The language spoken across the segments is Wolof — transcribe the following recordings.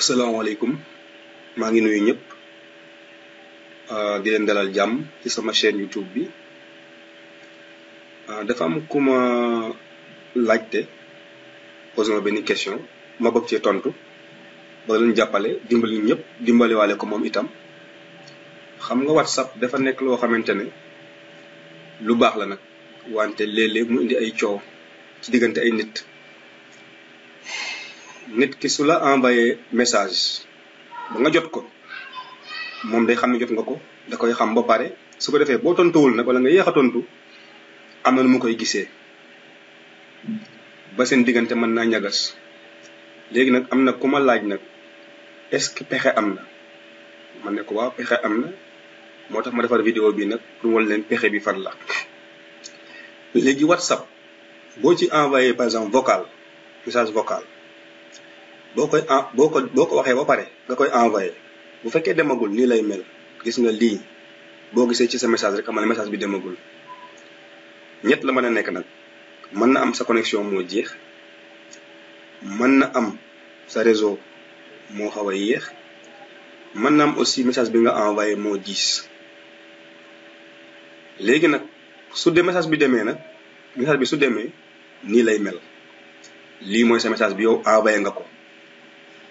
asalaamaaleykum maa ngi nuyu ñëpp ah, di leen dalal jàmm ci sama chaîne YouTube bi ah, dafa am ku ma laajte posé ma benn question ma bëgg cee tontu ba leen jàppale dimbali ñëpp dimbaliwaale ko moom itam xam nga WhatsApp dafa nekk loo xamante ne lu baax la nag wante léeg-léeg mu indi ay coow ci diggante ay nit. nit ki su la envoyé message ba nga jot ko moom day xam ne jot nga ko da koy xam ba pare su ko defee boo tontuwul nag wala nga yéex a tontu am na nu mu koy gisee ba seen diggante mën naa ñagas léegi nag am na ku ma laaj nag est-ce que pexe am na man ne ko waaw pexe am na moo tax ma defar vidéo bi nag pour wal leen pexe bi fan la léegi WhatsApp boo ci envoyé par exemple vocal message vocal boo koy en ah, boo ko boo ko waxee ba pare nga koy envoyé bu fekkee demagul nii lay mel gis nga lii boo gisee ci sa message rek amal message bi demagul ñett la mën a nekk nag mën na am sa connexion moo jeex mën na am sa réseau moo xaw a yéex mën na am aussi message bi nga envoyé moo diis léegi nag su dee message bi demee nag message bi su demee nii lay mel lii mooy sa message bi yow envoyé nga ko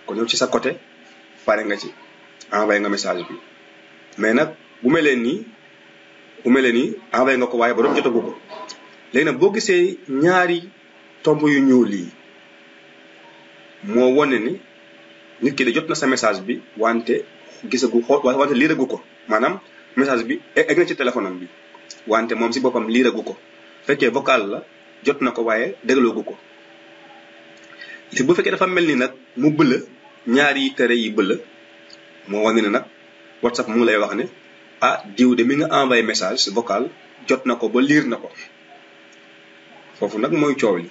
kon yow ci sa côté pare nga ci envoyé nga message bi mais nag bu mel leen nii bu mel leen nii envoyé nga ko waaye borom jotagu ko léegi nag boo gisee ñaari tomb yu ñuul yi moo wane ni nit ki de jot na sa message bi wante gisagu xool wante liiragu ko maanaam message bi egg na ci téléphone bi wante moom si boppam liiragu ko fekkee vocal la jot na ko waaye dégloogu ko li bu fekkee dafa mel ni nag mu bëla ñaari tere yi bëla moo wane ne nag whatsapp mu ngi lay wax ne ah diw de mi nga envoyé message vocal jot na ko ba liir na ko foofu nag mooy coow li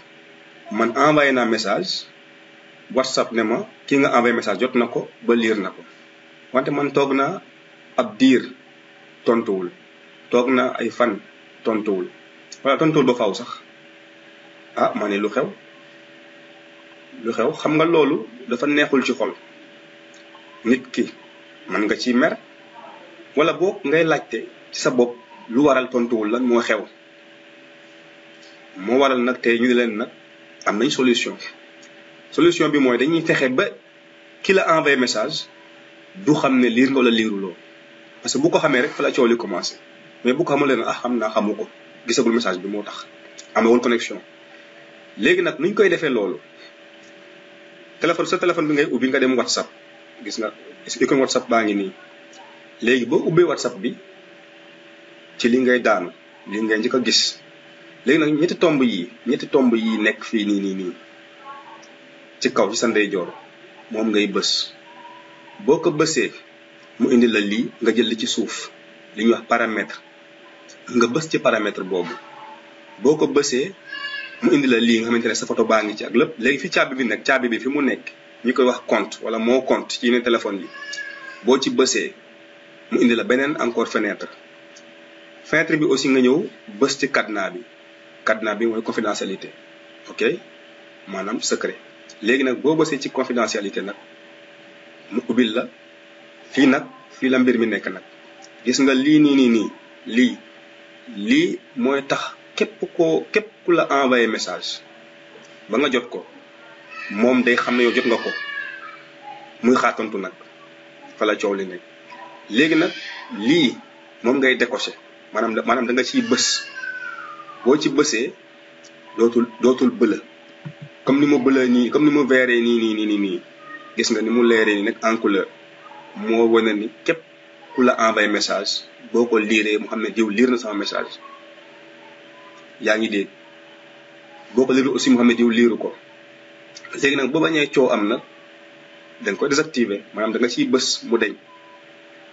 man envoyé naa message whatsapp ne ma ki nga envoyé message jot na ko ba liir na ko wante man toog na ab diir tontuwul toog na ay fan tontuwul wala tontuwul ba faw sax ah ma ne lu xew lu xew xam nga loolu dafa neexul ci xol nit ki mën nga ci mer wala boo ngay laajte ci sa bopp lu waral tontuwul lan moo xew moo waral nag te ñu ne leen nag am nañ solution solution bi mooy dañuy fexe ba ki la envoyé message du xam ne liir nga wala liiruloo parce que bu ko xamee rek fa la coow li commencé mais bu ko xamul leen ah xam naa xamu ko gisagul message bi moo tax amewul connexion léegi nag nuñ koy defee loolu téléphone sa téléphone bi ngay ubbi nga dem whatsapp gis nga icône whatsapp baa ngi nii léegi boo ubbee whatsapp bi ci li ngay daanu li ngay njëkk a gis léegi nag ñetti tomb yi ñetti tomb yi nekk fii nii nii nii ci kaw ci sa ndeyjoor moom ngay bës boo ko bësee mu indi la lii nga jël li ci suuf li ñuy wax paramètre nga bës ci paramètre boobu boo ko bësee mu indi la lii nga xamante ne sa photo baa ngi ci ak lépp léegi fi caabi bi nag caabi bi fi mu nekk ñu koy wax compte wala moo compte ci yeneen téléphone yi boo ci bësee mu indi la beneen encore fenêtre fenêtre bi aussi nga ñëw bës ci cadenas bi cadenas bi mooy confidentialité ok maanaam secret léegi nag boo bësee ci confidentialité nag mu ubbil la fii nag fii la mbir mi nekk nag gis nga lii nii nii lii lii mooy tax képp ko képp ku la envoyé message ba nga jot ko moom day xam ne yow jot nga ko muy xaatantu nag fa la coow li nekk léegi nag lii moom ngay décoché maanaam maanaam da nga ciy bës boo ci bësee dootul dootul bëla comme ni mu bëla nii comme ni mu veeree nii nii nii nii nii gis nga ni mu leeree nii nag en couleur moo wane ni képp ku la envoyé message boo ko liiree mu xam ne diw liir na sama message yaa ngi dégg boo ko liiru aussi Mouhamed yow liiru ko léegi nag boo bañee coow am na da nga koy désactiver maanaam da nga ciy bës mu deñ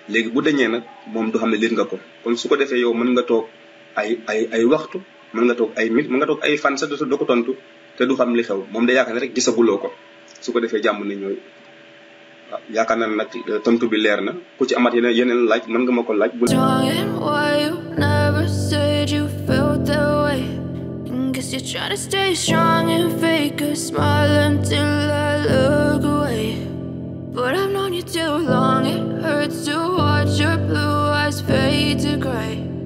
léegi bu deñee nag moom du xam ne liir nga ko kon su ko defee yow mën nga toog ay ay ay waxtu mën nga toog ay mit mën nga toog ay fan sa doo ko tontu te du xam li xew moom day yaakaar ne rek gisaguloo ko su ko defee jàmm ne ñooy waaw yaakaar nag tontu bi leer na ku ci amaat yeneen yeneen laaj mën nga ma ko laaj bu You try to stay strong and fake a smile I look away But I've known you too long, it hurts to watch your blue eyes fade to gray